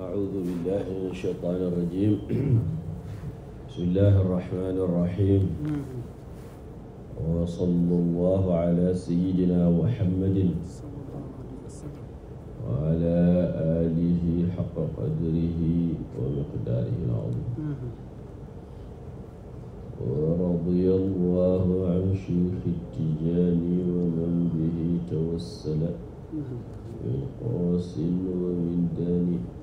أعوذ بالله من الشيطان الرجيم بسم الله الرحمن الرحيم وصلى الله على سيدنا محمد وعلى آله حق قدره ومقداره العظيم ورضي الله عن شيخ التجاني ومن به توسل من قوس ومن دانه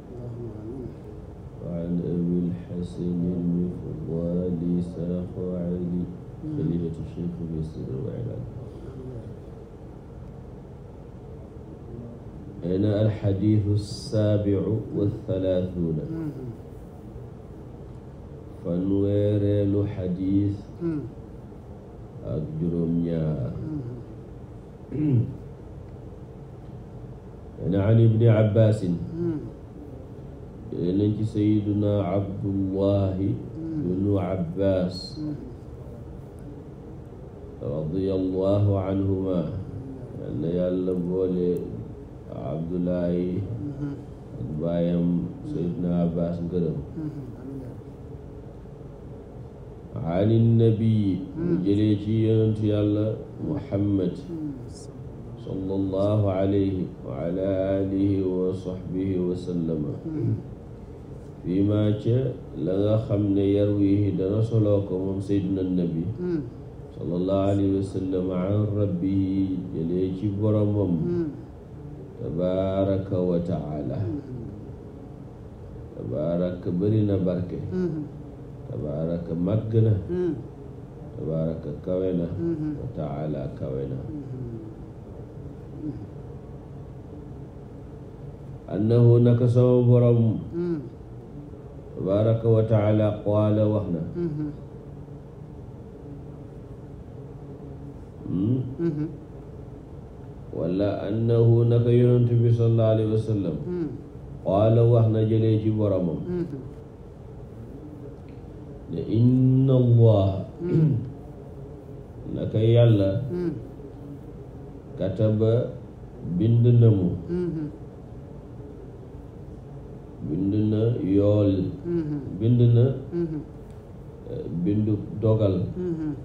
وعن أبي الحسن المفضال ساق علي خليفة الشيخ في الصدر والإعلان هنا الحديث السابع والثلاثون fanweereelu xadiis ak juróom-ñaar an ibni abbaasin jëlee nañ ci sayiduna abdullahi bnu abbas radiallahu anhuma yal na yàlla boole abdullahi ak baayam sayiduna abbas ngërëm an innabii mu jëlee ci yonentu yàlla muhammad sallallahu alayhi wa ala alihi wa sahbihi wa sallama fii maa ca la nga xam ne yarwihi dana soloo ko moom sayduna nabi mm. sallallahu alayhi wa sallam an rabbihi jëlee ci boromam mm. tabaraka wa taala mm-hmm. tabaraka bëri na barke mm-hmm. tabaraka màgg na mm. tabaraka kawe na mm-hmm. wa taala kawe na annahu naka sama borom tabaraka wa taala qaala wax na mm-hmm. hmm? mm-hmm. wala annahu naka yonent bi sallallahu alayhi wa sallam mm. qaala wax na jëlee ci boromam mm-hmm. ne inna allaha mm. naka yàlla mm. kataba bind na mu bind na yool mm-hmm. bind na mm-hmm. eh, bindu dogal mm-hmm.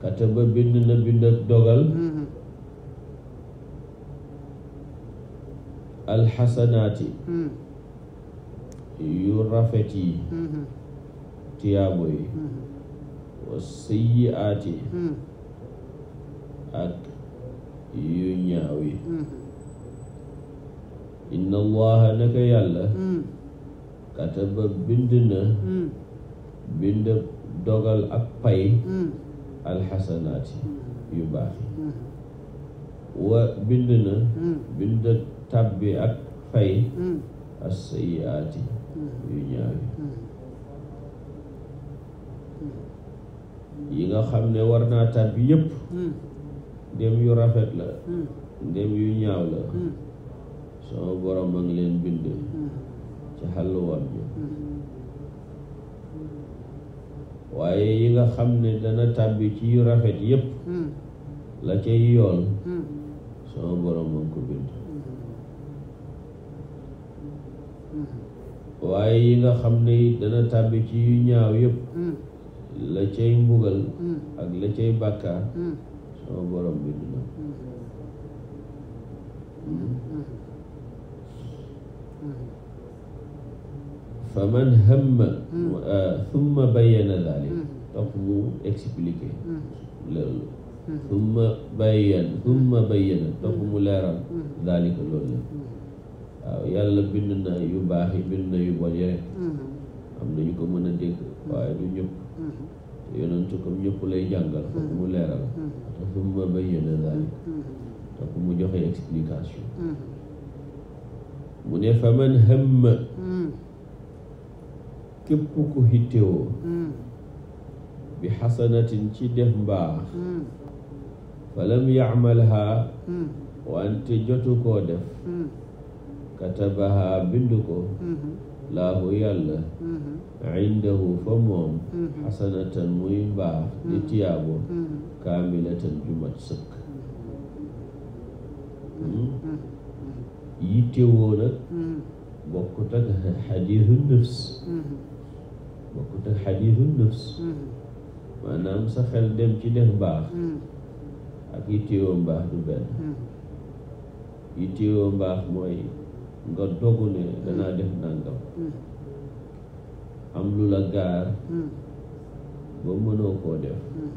kataba bind na bind ak dogal alxasanaati yu rafet yi tiyaabo yi wa sayyiaati ak yu ñaaw yi mm-hmm. inna allaha naka yàlla mm-hmm. kataba bind na mm-hmm. bind dogal ak pay alxasanaat yu baax yi wa bind na bind tabbi ak fay assayiaati yu ñaaw yi nga xam ne war naa tabbi yépp ndem yu rafet la hmm. ndem yu ñaaw la hmm. sama borom a ngi leen bind hmm. ci xàlluwaam bi waaye yi nga xam ne dana tàbbi ci yu rafet yépp la cay yool sama borom a ko bind waaye yi nga xam ne dana tàbbi ci yu ñaaw yépp la cay mbugal ak la cay bàkkaar sama borom bi dina faman hamma thumma bayyana dalik donc mu expliqué loolu thumma bayyan thumma mu leeral dalika loolu waaw yàlla bind na yu baax yi bind na yu bon yi am na ñu ko mën a dégg waaye du ñëpp yonentu comme ñëpp lay jàngal fokk mu hmm. leeral dafa hmm. hmm. mu ma bayyana dalik fokk mu joxe explication mu ne fa man hamma képp ku hittewoo bi xasanatin ci def mbaax falam yacmalha wante jotu koo def katabaha bind ko laahu yàlla indahu fa moom xasanatan muy mbaax di tiyaabo kaamilatan ju mat sa xel dem ci def baax mm-hmm. ak yittewoo mbaax du benn mm-hmm. yittewoo mbaax mooy nga dogu ne danaa def nangam mm-hmm. am lu la gaar hmm. ba mënoo koo def hmm.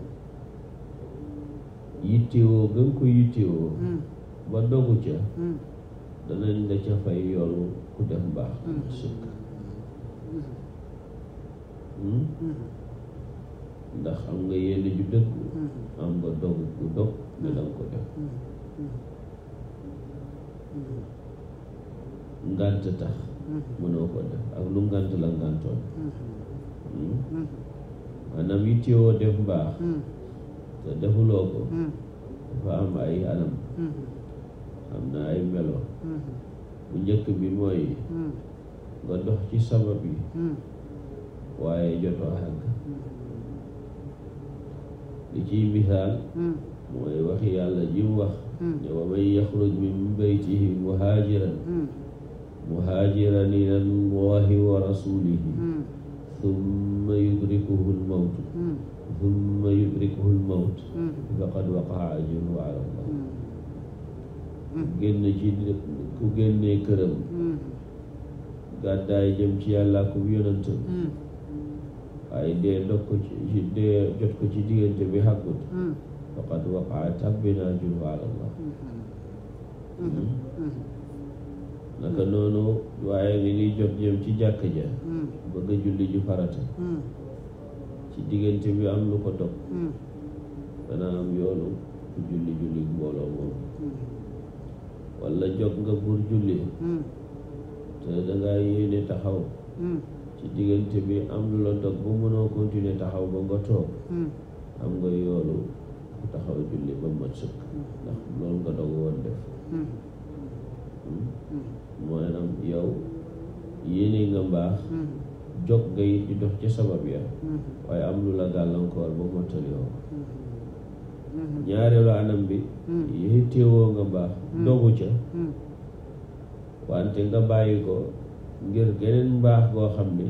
yittewoo ga nga ko yittewoo hmm. ba dogu ca danañ la ca fay yoolu ku def mbaax sukk ndax am nga yenn ju dëkk am nga dogu ku dog nga ko def ngànt tax mënoo mm-hmm. ko def ak lu ngant la ngantoon maanaam mm-hmm. mm-hmm. yittewoo def mbaax te defuloo ko dafa am ay anam am na ay melo bu njëkk bi mooy nga dox ci sabab yi waaye jotoo àgg li ciy misaal mooy waxi yàlla ji mu wax ne wa man yaxruj min baytihi muhaajiran muhaajiran ila allahi wa rasulihi thumma yudrikuhu almawt thumma yudrikuhu almawt faqad waqaa ajruhu ala allah génn ci ku génnee këram gàddaay jëm ci yàlla ku yonantam waaye dee dog ko ci dee jot ko ci diggante bi xàggut faqad waqaa tabbina ajruhu ala allah naka noonu waaye li ñuy jot jëm ci jàkk ja hmm. bëgg a julli ju farata hmm. ci diggante bi am lu ko dog hmm. dana am yoonu ku julli julli mbooloo moom wala jog nga pour julli te danga yéene taxaw ci diggante bi am lu la dog ba mënoo continuer taxaw ba nga toog am nga yoonu ku taxaw julli ba mat sëkk ndax loolu nga dog woon def maanaam yow yéene nga mbaax hmm. jog nga it di dox ca sabab ya hmm. waaye am lu la gàllankoor ba mottal yow hmm. ñaareelu anam bi yitteewoo nga mbaax dogu ca wante nga bàyyi ko ngir geneen mbaax goo xam ne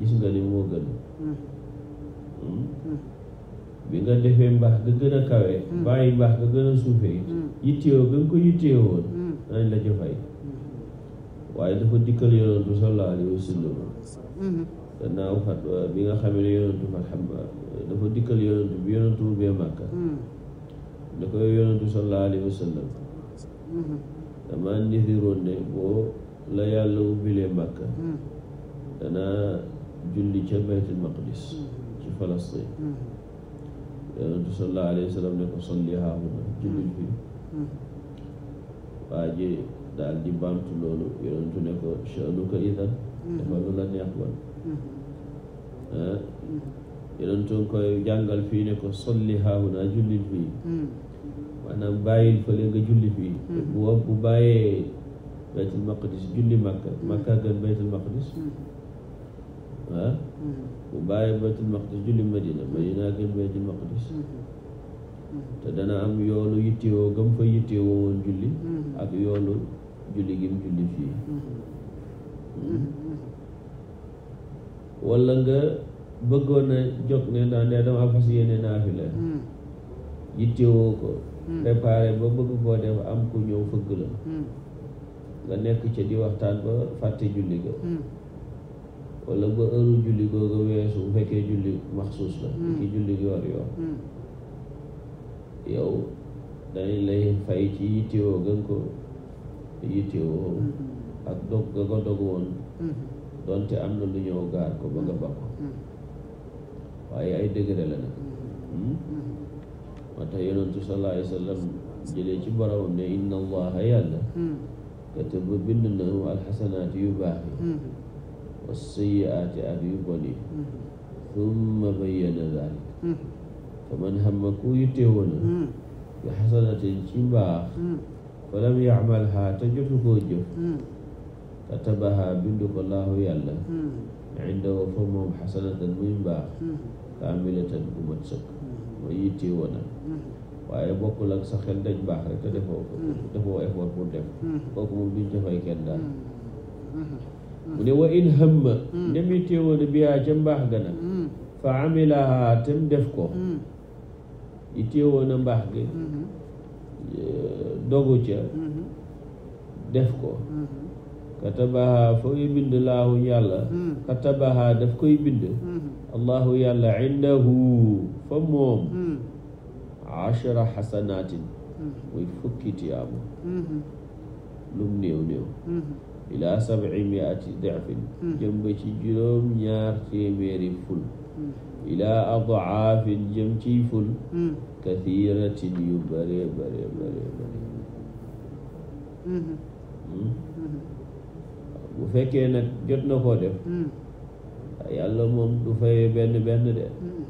gis nga ni moo gën bi nga defee mbaax ga gën a kawe bàyyi mbaax ga gën a suufee it yittewoo ga nga ko yitteewoon nañ la ca waaye dafa dikkal yonantu bi nga xam ne yonantu alxamba dafa dikkal yonantu bi yonantu bee màkka da koy yonantu sallallahu alayhi wa sallam dama ndisiroon ne boo la yàlla ubbilee màkka mm-hmm. danaa julli ca baytul maqdis mm-hmm. ci falastin mm-hmm. yonantu sallallahu alayhi wa sallam ne ko solli julli fi daal di baamtu loolu yonentu ne ko sha'nuka idan mm-hmm. dafa lu la neex wan mm-hmm. ah, mm-hmm. yonentu nga koy jàngal fii ne ko solli haahunaa jullil fii maanaam bàyyil fële nga julli fii bu wa bu bàyyee baytul maqdis julli makka makka gën baytul maqdis ah, bu bàyyee baytul maqdis julli madina madina gën baytul maqdis te dana am yoolu yittewoo gëm fa yittewoo woon julli ak yoolu julli gi mu julli fii mm-hmm. walla nga bëggoon a jóg ne dama fas yéene naafila mm-hmm. yittewoo ko mm-hmm. préparé ba bëgg koo def am ku ñëw fëgg la nga nekk ca di waxtaan ba fàtte julli ga walla ba heure julli googu weesu bu fekkee julli maxsuus la ki julli yoor yoor yow dañ lay fay ci yittewoo gën ko yittewoo mm-hmm. ak dog ga ko dog woon mm-hmm. donte am na lu ñëw gaar ko ba nga ba ko mm-hmm. waaye ay degré la nag hmm? moo tax yonentu sallallahu alayhi wa sallam ci boromam ne inna allaha yàlla kataba bind na alxasanaati yu baax yi wa sayiaati ak yu bon yi thumma bayyana fa man hamma ku yittewoo na bi xasanatin ci mbaax walam yaamalha te jotu koo jëf hmm. katabaha bindu ko laahu yàlla hmm. indahu fa moom xasanatan muy mbaax hmm. kaamilatan bu mat sëkk mooy yittee woon waaye bokkul ak sa xel daj baax rek te defoo ko defoo effort pour def kooku moom duñ ca fay kenn daal mu ne wa in hamma ndem yittee woon biyaa ca mbaax gana fa amilaha tem def ko yittee woon a mbaax gi dogu ca mm-hmm. def ko mm-hmm. katabaha fooy bind laahu yàlla mm-hmm. katabaha daf koy bind allahu yàlla indahu fa moom achara xasanaatin muy fukki tiyaabu lum néew néew ila sabci miati dicfin jëm ba ci juróom ñaar téeméeri ful ila adcaafin jëm ciy ful kathiratin yu bare bare bare bare Hmm? bu fekkee nag jot na koo def hmm. yàlla moom du fay benn benn de hmm.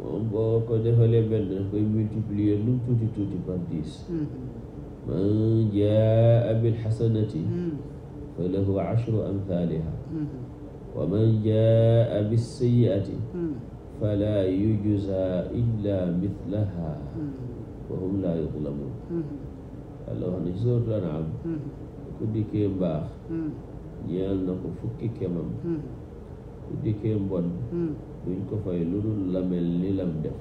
moom boo ko defalee benn daf koy multiplier lu mu tuuti tuuti par dix man jaa bil xasanati fa lahu ashru amthaliha wa man jaa bis sayyiati fala yujza illa mithlaha wa hum la yuzlamun yàlla wax na ci sóotu anaam hmm. ku dikkee mbaax hmm. ñeel na ko fukki kemam hmm. ku dikkee mbon duñ ko fay lu dul la mel ni lam def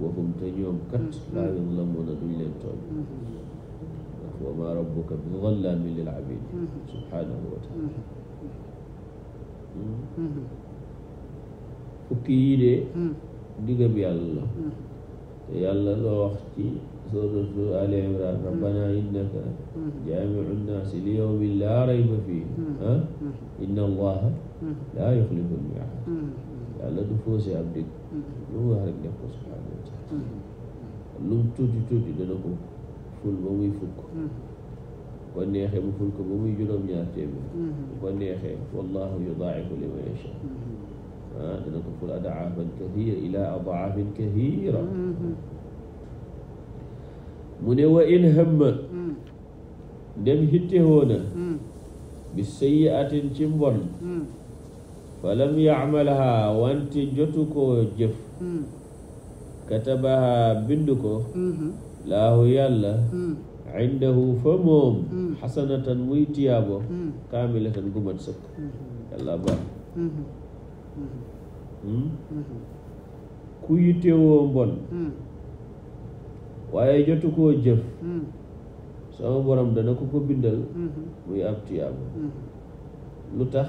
waxum te ñoom kat laa yuzlamuun a duñ leen tooñ ndax maa rabbuka bi zallaamin lil abiid subhaanahu wa taala fukki yii de diggam yàlla la te yàlla loo wax ci suuratu Ali Imran rabbanaa innaka jaamiu nnaasi li yawmin laa rayba fii ah inna allaha laa yuxlifu l-mii'aad yàlla du foosee ab dëgg lu mu wax rek def ko subhaanahu wa taala lu mu tuuti tuuti dana ko ful ba muy fukk ko neexee mu ful ko ba muy juróom-ñaar téeméer ko neexee wallahu yudaa'ifu liman yashaa ah dana ko ful ad'aafan kathiira ilaa ad'aafin kathiira mu ne wa in hëmma mm. dem hittewóona mm. bi sayyi atin ci mbon mm. falam yacmalha wante jotu koo jëf katabaha bind ko mm-hmm. laahu yàlla indahu fa moom xasanatan muy tiyaabo kaamilatan gu mat sëkk mm-hmm. yàlla baax mm-hmm. Hmm? ku yittewoo mbon waaye jotu koo jëf hmm. sama borom dana ko ko bindal hmm. muy ab tuyaaba hmm. lu tax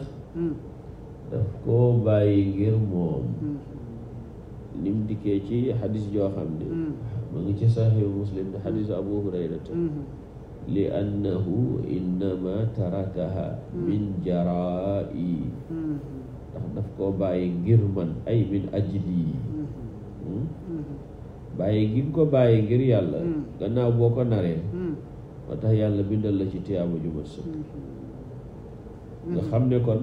daf koo bàyyi ngir moom lim dikkee ci xadis joo xam ne ma ngi ci saxihu muslim ne xadis abu hurayrata li annahu innama tarakaha min jaraa'i ndax daf koo bàyyi ngir man ay min ajli bàyyi gi nga ko bàyyi ngir yàlla hmm. gannaaw boo ko naree moo hmm. tax yàlla bindal la ci tiyaaba ju mat sëkk hmm. nga xam ne kon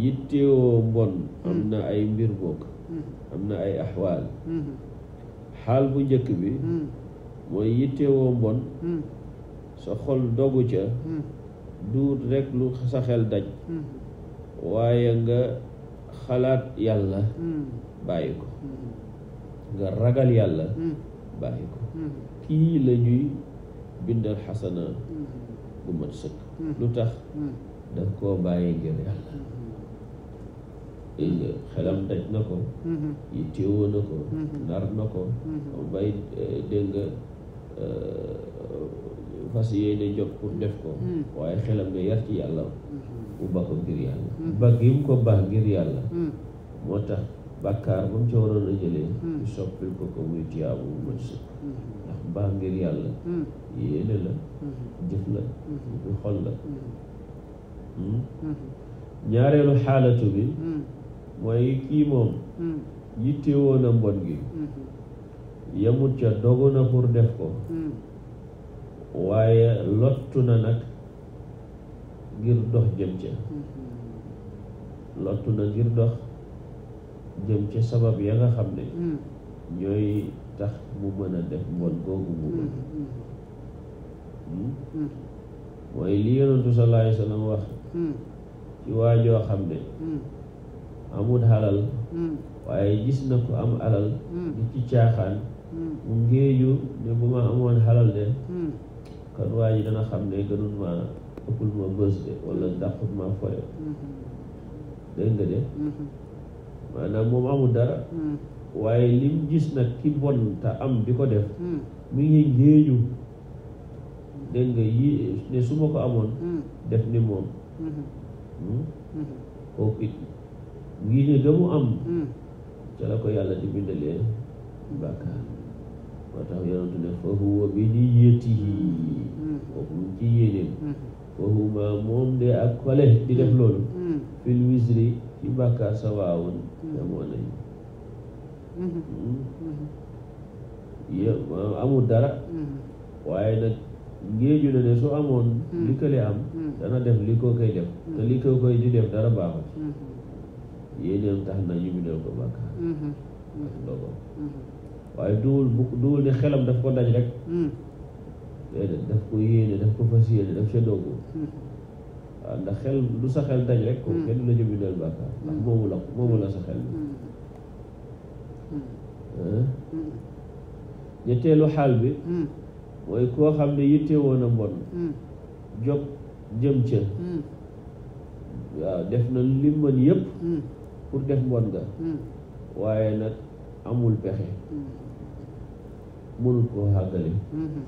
yittewoo mbon am na ay mbir bokk am na ay axwaal xaal bu njëkk bi mooy yittewoo mbon sa xol dogu ca duut rekk lu sa xel daj waaye nga xalaat yàlla bàyyi ko nga ragal yàlla hmm. bàyyi ko hmm. kii la bindal xasana hmm. bu mat sëkk lu tax daf koo bàyyi ngir yàlla xelam daj na ko yi téewoo na ko nar na ko bay eh, dégg nga eh, fas yéene jóg pour def ko waaye xelam ne yar ci yàlla bu ba ko ngir yàlla ba gi mu ko baax ngir yàlla moo tax bàkkaar ba mu ca waroon a jëlee hmm. soppil ko ko muy tiyaabu mën sëkk hmm. ndax baax ngir yàlla hmm. yéene la jëf la bu xol la ñaareelu xaalatu bi mooy kii moom yitte woon a mbon gi yamut ca dogu na pour def ko waaye lottu na nag ngir dox jëm ca lottu na ngir dox jëm ca sabab ya nga xam ne mm. ñooy tax mu mën a def mbon googu mu mën mm, mm. hmm? mooy li yonentu sallallahu alayhi wax ci waajoo xam ne amul alal waaye gis na ko am alal di ci caaxaan mu ngéeju ne bu ma amoon alal de kon waa ji xam ne gënul ma ëppul ma bës de wala dàqul ma foye mm-hmm. dégg de mm-hmm. maanaam moom amul dara hmm. waaye lim gis na ki bon am di ko def hmm. mi ngi ngéeñu dégg nga yi ne su ma amoon hmm. def ni moom kooku it ngi am ca la ko yàlla di bindalee bàkkaar moo tax yonentu ne fa huwa bi niyyatihi kooku mu ci yéeneem fa huwa de ak kole def loolu fil wisri ci bàkkaar sa waawun yamoo nañu yé amul dara mm-hmm. waaye nag ngéeju na ne soo amoon mm-hmm. li kële am mm-hmm. dana def li ko koy def te li ko koy di def dara baaxul yéeneem tax na ñu bindal ko bàkkaar logo waaye duwul bu duwul ne xelam daf ko daj rek déedéet daf ko yéene daf ko fas yéene daf ca doggu waaw ndax xel lu sa xel daj rek ko mm. kenn du la jëbindal bàkkaar ndax mm. moomu la moomu la sa xel mm. Eh? ñetteelu xaal bi mooy koo xam ne yitte woon a mbon jóg jëm ca waaw def na li mën yëpp pour def mbon nga waaye nag amul pexe mënul koo xàggale mm-hmm.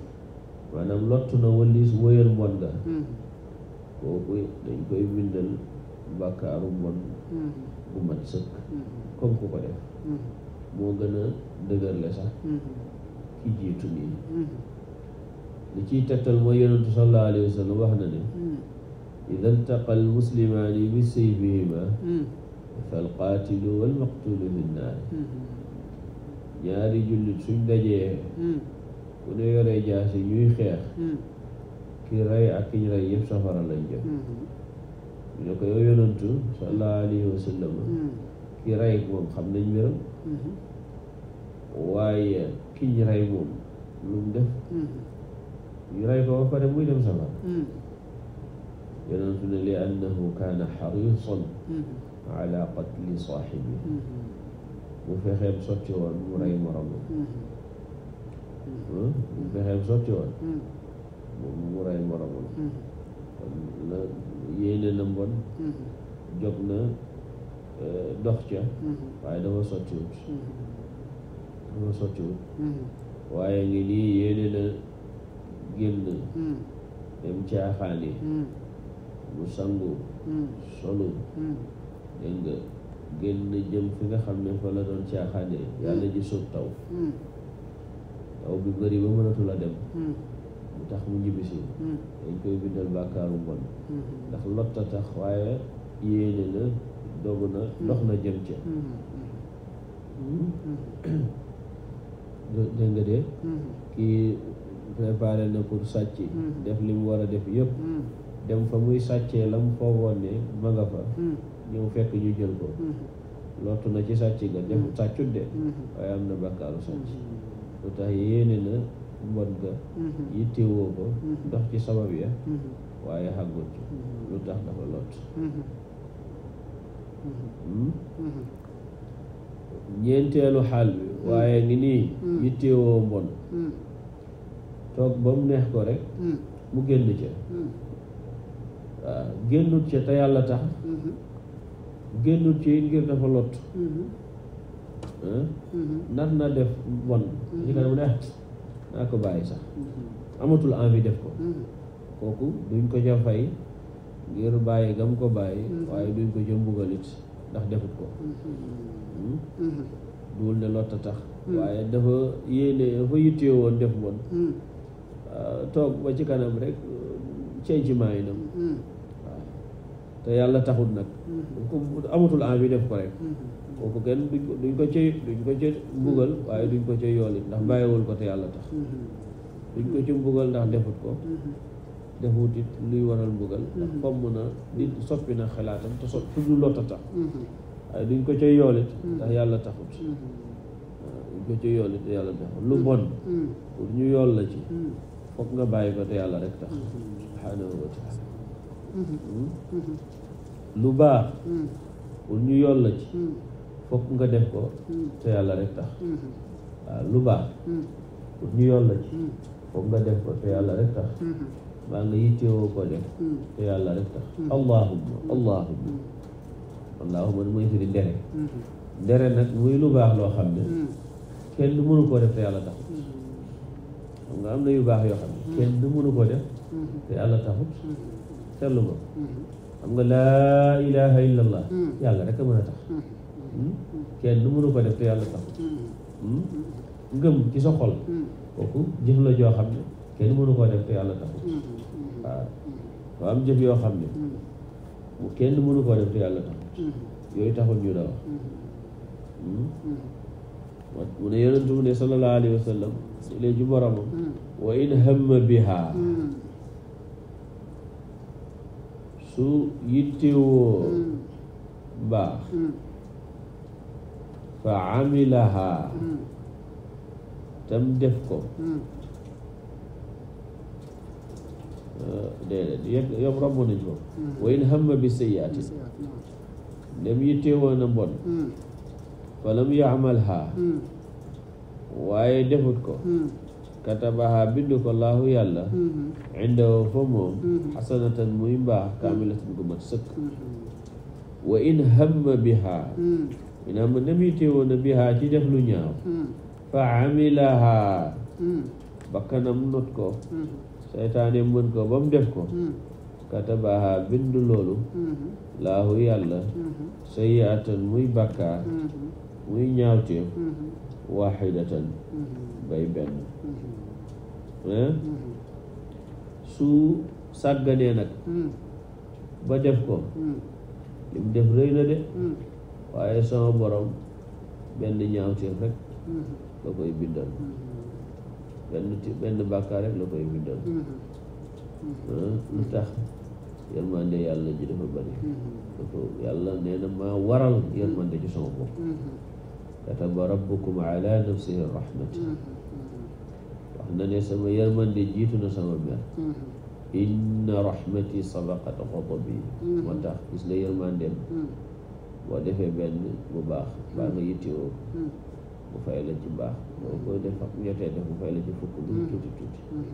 maanaam lottu na walis wëyal mbon nga mm-hmm. kooku dañ koy bindal bàkkaaru mbon bu mat sëkk mm-hmm. comme ku ko def mm-hmm. moo gën a dëgërle sax mm-hmm. ki jiitu nii li ciy tegtal mooy yonentu sallallahu wax na ne ida ltaqa almuslimaani bi sayfihima falqaatilu walmaqtulu fi nnaari ñaari jullit suñ dajee ku ne yoree jaasi ñuy xeex ki rey ak ki ñu rey yëpp safara lañ jëm ñu ne ko yow yonantu sallallahu alayhi wa sallam mm-hmm. ki rey moom xam nañ mbiram mm-hmm. waaye ki ñu rey moom lu mu def mm-hmm. ñu rey ko ba pare muy dem safara yonantu ne li annahu kaana xarisan ala qatli saaxibi bu fexeem sotti woon mu rey moromam hmm? bu fexeem sotti woon moom mu ray moromam mm-hmm. kon mm-hmm. na na mbon jóg na dox ca mm-hmm. waaye dafa sottiwut dafa sottiwut waaye ngi nii yéene na génn dem caaxaani mu sangu solu dégg génn jëm fi nga xam ne fa la doon caaxaane yàlla ji sut taw taw bi bëri ba mënatul a dem tax mu ñibbisi hmm. dañ koy bindal bàkkaaru mbon hmm. ndax lotta tax waaye yéene na dogu na hmm. dox na jëm ca dégg nga de kii préparé na pour sàcc def li mu war a def yëpp dem fa muy sàccee la mu foogoon ne ma nga fa ñëw fekk ñu jël ko lottu na ci sàcc ga def sàccut de waaye am na bàkkaaru sàcc lu tax yéene na mbon ga mhm. yittewoo ko mhm. dox ci sabab ya mhm. waaye xàggut lu tax dafa lot hmm? ñeenteelu xaal bi waaye ngi nii yittewoo mbon toog ba mu neex ko rek mu génn ca waaw génnut ca te yàlla tax génnut ci it ngir dafa lot nar na def mbon ci kanam ne naa ko bàyyi sax amatul envie def ko kooku duñ ko ca fay ngir bàyyi gam ko bàyyi waaye duñ ko ca mbugalit ndax defut ko hmm? duul ne lotta tax waaye dafa yéene dafa yittee woon def bon ah, toog ba ci kanam rek cey yi maayi hmm. waaw te yàlla taxut nag hmm. amatul envie def ko rek kooku kenn duñ ko ci duñ ko ci mbugal mm-hmm. waaye duñ ko ci yool ndax bàyyiwul ko te yàlla tax mm-hmm. duñ ko ci mbugal ndax defut ko mm-hmm. defut it luy waral mbugal ndax fomm na nit soppi na xalaatam te soppi lu lotta tax waaye duñ ko ci yool ndax yàlla taxut ci yool it te lu bon pour ñu yool la ci foog nga bàyyi ko te yàlla rek tax subhaanahu wa hmm? lu baax pour ñu yool la ci Mm. Mm-hmm. Mm. Mm. fokk nga def ko te yàlla rek tax waaw lu baax pour ñu yoon la ci fokk nga def ko te yàlla rek tax maa nga yittewoo ko def te yàlla rek tax allahumma allahumma allahumma nu mooy firi ndere ndere mm-hmm. nag muy lu baax loo xam ne kenn du mënu koo def te yàlla taxut mm-hmm. xam nga yu baax yoo xam kenn mënu koo def te yàlla taxut ma xam nga laa ilaha illallah yàlla rek a mën a tax kenn lu mënu ko def te yàlla tax hmm. Hmm. ngëm ci sa xol hmm. kooku jëf la joo xam ne kenn mënu koo def te yàlla tax waaw waa am jëf yoo xam ne bu kenn mënu koo def te yàlla tax yooyu taxul ñu la wax mu ne yonent mu ne sallallahu alayhi wa léegi boromam wa in hamma biha su yittewoo baax fa amilaha mm. tam def ko mm. uh, déedéet yëpp yëpp romb nañ ko mm. wa in hamma bi sayyi'atin dem yittewoon na mbon fa lam ya'malha waaye defut ko katabaha bindu ko laahu yàlla mm-hmm. indahu fa moom xasanatan mm-hmm. muy mbaax kaamilatan gu mat sëkk mm-hmm. wa in hamma biha mi naa mën na muy téewoon na bihaa ci def lu ñaaw fa amilaha bakkanam not ko seytaane mën ko ba mu def ko katabaha bindu loolu laahu yàlla hmm. sayiatan muy bakkaar hmm. muy ñaawteef hmm. waxidatan bay benn eh? su sàgganee nag ba def ko lim def rëy na de waaye sama borom benn ñaawteef rek mm-hmm. la koy bindal mm-hmm. benn benn bàkkaar rek la koy bindal mm-hmm. ah, lu tax yërmande yàlla ji dafa bari dafa yàlla nee maa waral yërmande ci sama bopp kataba rabbukum ala nafsihi rahmati wax na ne sama na sama mer inna rahmati sabaqat ghadabi moo tax gis nga yërmandeem boo defee benn bu baax baa nga yittewoo bu hmm. fay la ci baax boo ko def ak jotee def bu fay la ci fukk lu hmm. tuuti tuuti hmm.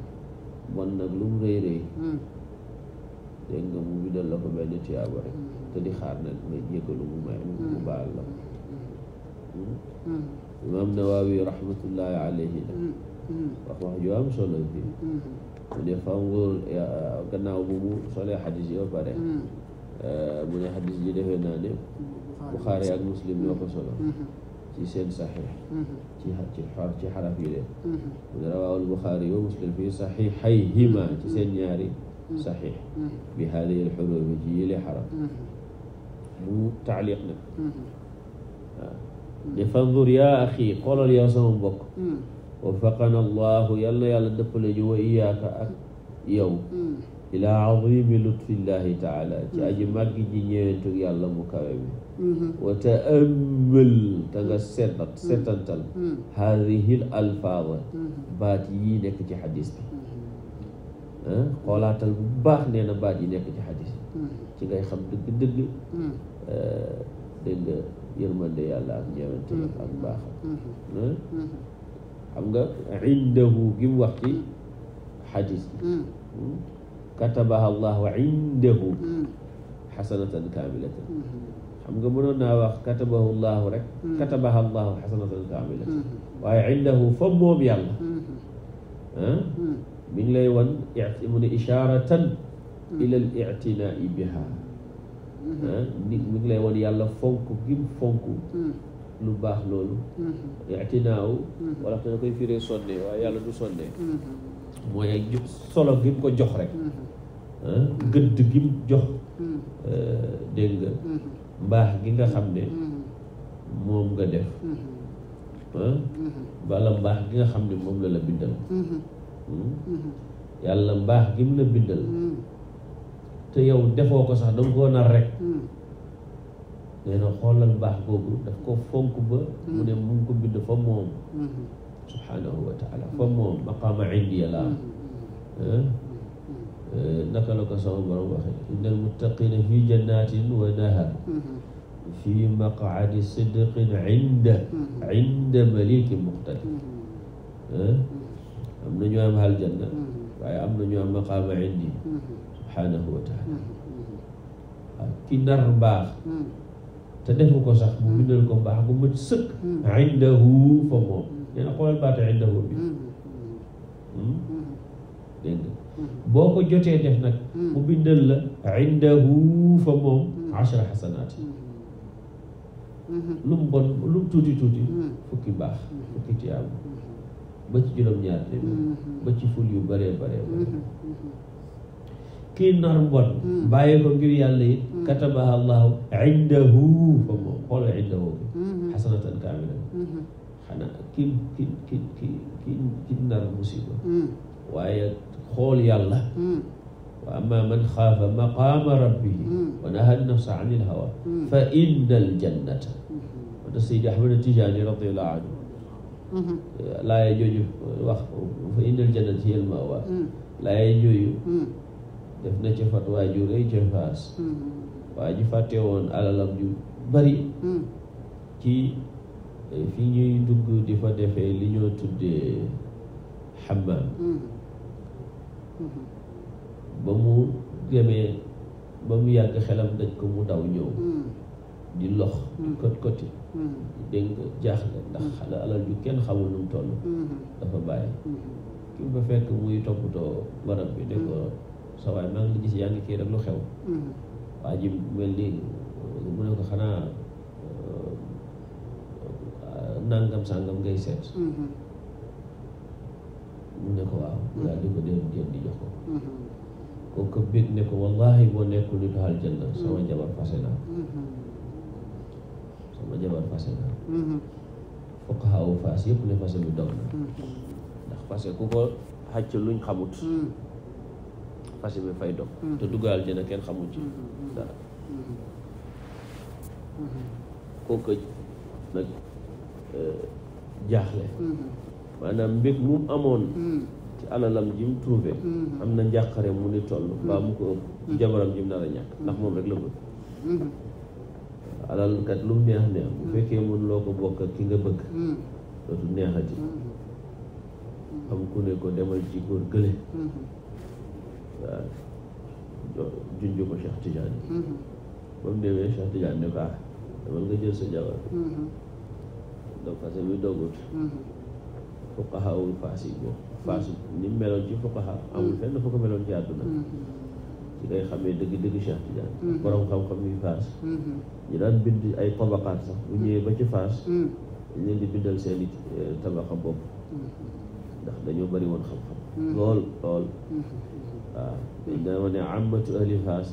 bon nag lu mu rëy rëy dégg nga mu bindal la ko benn tiyaaba rek di xaar nag nga jéggalu mu may mu baal la imaam Nawawi rahmatullahi alayhi la wax wax ju solo bi mu ne fa nguur gannaaw bu mu solee xadis yi pare eh, mu ne xadis ji defee naa ne Buxaari ak Muslim ñoo ko solo ci seen saxiix ci ci ci xaraf yu leen mu ne rawaawul Buxaari wa Muslim fii saxiixayhima ci seen ñaari saxiix bi haadihi al-xuruuf ci yile xaraf mu taaliq nag waaw ne fandur yaa axi xoolal yow sama mbokk wafaqana allahu yàlla yàlla dëppale ñu wa iyaaka ak yow ilaa azimi lutfillahi taala ci aji màggi ji ñëwentug yàlla mu kawe bi wa taammal te nga seetat seetantal haadihil alfaada baat yi nekk ci xadis bi xoolaatal bu baax nee na baat yi nekk ci xadis bi ci ngay xam dëgg-dëgg dégg nga yërmande yàlla ak ñeewante ak baaxam xam nga indahu gi mu wax ci xadis bi katabaha allahu indahu xasanatan kaamilatan xam nga mënoon naa wax katabahu llaahu rek hmm. katabaha llaahu xasanatan kaamilatan hmm. waaye indahu fa moom yàlla ah mi ngi lay wan mu ne isharatan ila al ictinai biha ah mi ngi lay wan yàlla fonk gim fonk lu baax loolu ictinaaw wala xëy na koy firee sonne waaye yàlla du sonne mooy ak jox solo gim ko jox rek gëdd gim jox euh, dégg nga mbaax gi nga xam ne mm-hmm. moom nga def walla mm-hmm. ah? mm-hmm. mbaax gi nga xam ne moom la la bindal hmm? yàlla mbaax gi mu la bindal te yow defoo ko sax danga koo nar rek nee na xoolal mbaax googu daf koo fonk ba mu ne mu ngi ko bind fa moom subhaanahu wa fa moom maqaama indiya la ah? Euh, naka la ko sama borom waxe inna almuttaqina fi jannatin wa nahar mm-hmm. fi maqaadi sidqin inda mm-hmm. inda maliki muqtadir mm-hmm. am na ñu am hal janna waaye am na ñu am maqaama indi subhaanahu wa taala waaw ki nar mbaax te defu ko sax mu bindal ko mbaax bu mët sëkk indahu fa moom nee na xoolal baata indahu bi hmm? dégg nga boo ko jotee def nag mm. mu bindal la indahu fa moom mm. achra xasanaat mm. mm-hmm. lu mu bon lu mu tuuti tuuti fukki baax mm-hmm. fukki tiyaabu mm-hmm. ba ci juróom-ñaar téeméer ba ci ful yu baree bëree bëri kii nar mbon bàyyi ko ngir yàlla it katabaha allahu indahu fa moom xoola indahu bi xasanatan kaamilan nar musiba waaye xool yàlla mm. wa amma man xaafa maqaama rabbihi mm. wa naha nafsa an il hawa mm. fa inna al jannata wa na saydi ahmad tijaani radiallahu anhu mm-hmm. laaya jooju wax fa inna al jannata hiya al mawa laaya jooju def na ci fat waa ju rëy ca faas mm-hmm. waa ji fàtte woon alalam ju bari ci eh, fi ñuy dugg di fa defee li ñoo tuddee xammaam ba mu demee ba mu yàgg xelam daj ko mu daw ñëw hmm. di lox di kot hmm. koti hmm. dégg nga jaaxle ndax xale alal ju kenn xamul nu mu dafa bàyyi ki fa fekk muy toppatoo barab bi ne ko sa waay maa ngi gis yaa ngi kii rek lu xew waa ji mel ni mu ne ko xanaa euh, nangam sàngam ngay seet mu ne ko waaw mm-hmm. daal di ko dem di jox ko mm-hmm. kooku bég ne ko wallahi boo nekkul li doxal jënd sama jabar fase naa mm-hmm. sama jabar fase naa fuqahaawu faas yëpp ne fase bi dog na ndax fase ku ko xàcc luñ xamut fase bi fay dog te duggaal jënd kenn xamut ci dara kooku nag euh, jaaxle maanaam mbég mu amoon hmm. ci alalam ji mu trouvé hmm. am na njàqare mu ni toll mbaa mu ko ëpp hmm. jabaram ji mu nar a ñàkk ndax moom rek la bëgg alal kat lu mu neex neex bu fekkee mun loo ko bokk ak ki nga bëgg dootu neexati am ku ne ko demal ci góor gële waaw junj ko Cheikh Tidiane ba mu demee Cheikh Tidiane ko ah demal nga jël sa jabar donc fase bi dogut fuqaha ul faas yi boobu mm-hmm. faas ni meloon ci fuqaha amul mm-hmm. fenn fu ko meloon ci àdduna mm-hmm. ci ngay xamee dëgg dëgg Cheikh Tidiane borom xam-xam yi faas ñu daan bind ay tabaqaat sax bu ñëwee ba ci faas dañ leen di bindal seen i eh, tabaqa bopp ndax dañoo bari woon xam-xam lool lool waaw dañ daan wax ne amatu ahli faas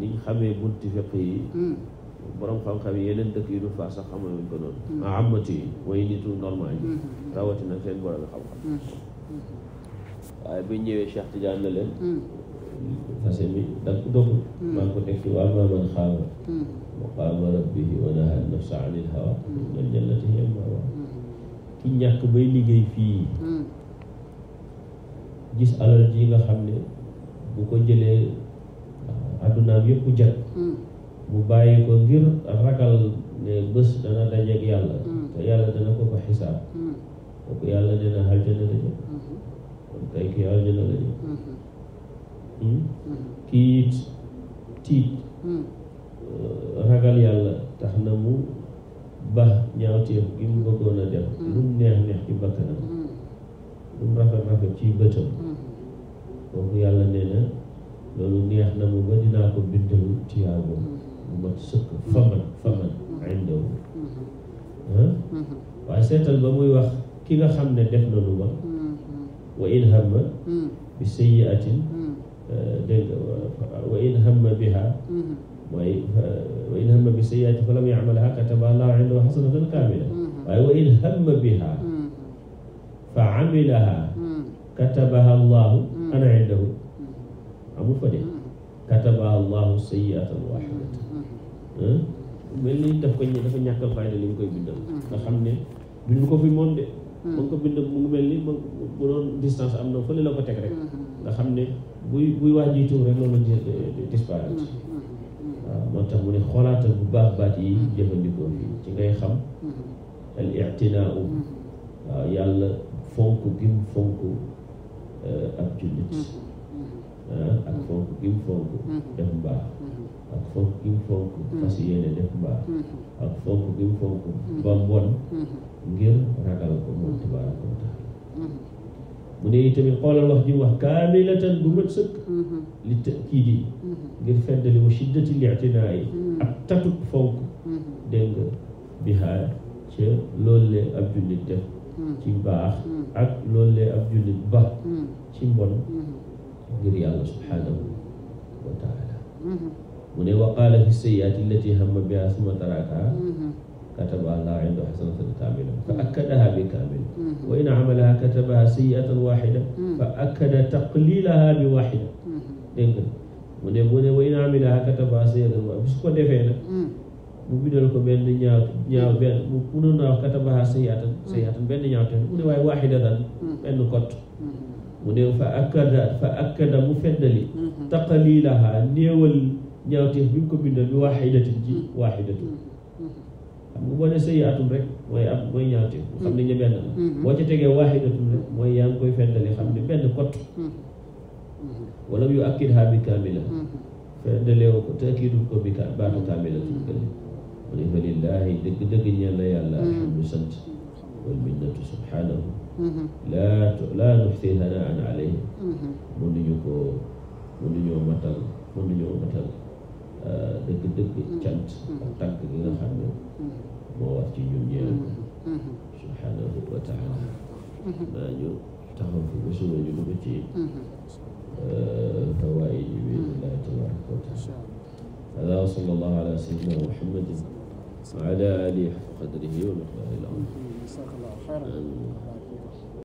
niñ xamee bunti fiq yi boroom xam-xam yi dëkk yi sax xamuñu ko noonu a amatu yi mooy nitu normal yi mm-hmm. rawatina seen borom xam-xam mm-hmm. waaye bi ñëwee Cheikh Tidiane na leen mm-hmm. fase mi danga ko dogg maa ko waa maa man xaama maqaama rabbihi wa naha nafsa anil hawa minal ki ñàkk bay liggéey fii gis alal nga xam ne bu ko jëlee addunaam ah, yëpp jag mu bàyyi ko ngir ragal ne bés dana dajeeg yàlla mm. te yàlla dana ko ko xisaab mm. kooku yàlla nee na aljana mm-hmm. mm-hmm. Hmm? Mm-hmm. Mm. Euh, tax na mu ba ñaawteef gi mu neex neex ci bakkanam ci bëtam kooku yàlla nee na loolu neex na mu ba dinaa ko bindal tiyaaboo bu mat sëkk faman faman indahu mm-hmm. Mm-hmm. waaye seetal ba muy wax ki nga xam ne def na lu mm-hmm. ma uh, uh, wa in hamma bi sayyi'atin dégg wa in hamma biha mooy wa in hamma bi sayyi'atin fa lam ya'malha kataba Allahu indahu hasanatan kaamila waaye wa in hamma biha fa amilaha katabaha Allahu ana indahu amul fa de katabaha Allahu sayyi'atan waahidatan mel ni daf ko dafa ñàkkal fayda li ñu koy bindal hmm. nga xam ne duñu ko fi moom de ma hmm. ngi ko bind mu mel ni ma bu doon distance am na fële la ko teg rek hmm. nga xam ne buy buy waaj tuur rek loolu disparaître waaw moo tax mu ne xoolaatal bu baax baat yi jëfandikoo fi ci ngay xam al itinaa waaw yàlla fonk gim fonk euh, ab jullit Ah, ak fonk gi mu fonk mm-hmm. def mbaax mm-hmm. ak fonk gi fonk mm-hmm. fas yéene def mbaax ak fonk gi fonk ba mbon ngir ragal ko moom tabaaraka wa taala mu ne itamit xoolal wax ji wax kaamilatan bu mët sëkk li tëkkiidi ngir feddali wa shiddati li'tinaa'i ak tatuk fonk dégg nga bihaa ca ab jullit def ci mbaax ak loolu ab jullit ba ci mbon ngir yàlla subhaanahu wa taala mm-hmm. mu ne wa qaala fi sayyi'ati allati hamma bihaa summa tarakahaa mm-hmm. kataba Allaahu indahu hasanatan kaamilatan fa mm-hmm. akkadahaa bi kaamil wa in amalahaa katabahaa sayyi'atan waahidatan fa akkada taqliilahaa bi waahida dégg nga mu ne mu ne wa in amalahaa katabahaa sayyi'atan waahidatan su ko defee nag mm. mu bindal ko benn ñaaw ñaaw mm. benn mu mënoon naa wax katabahaa sayyi'atan mm. sayyi'atan benn ñaaw te mu ne waaye waahidatan benn kott mu ne fa akkada fa akkada mu feddali mm-hmm. taqalilaha néewal ñaawteef bi mu ko bindal bi waaxidatin ci mm-hmm. waaxidatu mm-hmm. xam nga boo ne sëy atum rek mooy am mooy ñaawteef bu xam ne ñu benn la boo ca tegee waaxidatum rek mooy yaa ngi koy feddali xam ne benn kott wala yu akkid ha bi kaamila feddaleewu ko te akidul ko bi ka baatu kaamila tukkale mu ne fa lillaahi dëgg dëgg ñeel na yàlla alhamdu sant wal minnatu subhaanahu laa mm-hmm. laa nuxsi hanaan alayhi mm-hmm. mënuñu ko mënuñoo matal mënuñoo matal euh, dëgg dëgg mm-hmm. cant ak tànk gi nga xam ne moo war ci ñun ñëpp subhanahu wa taala naa ñu taxaw fi ba suba ñu dugg ci euh, fawaay yi bi illahi tabaraka wa taala هذا وصلى الله على سيدنا محمد وعلى آله حق قدره ومقداره العظيم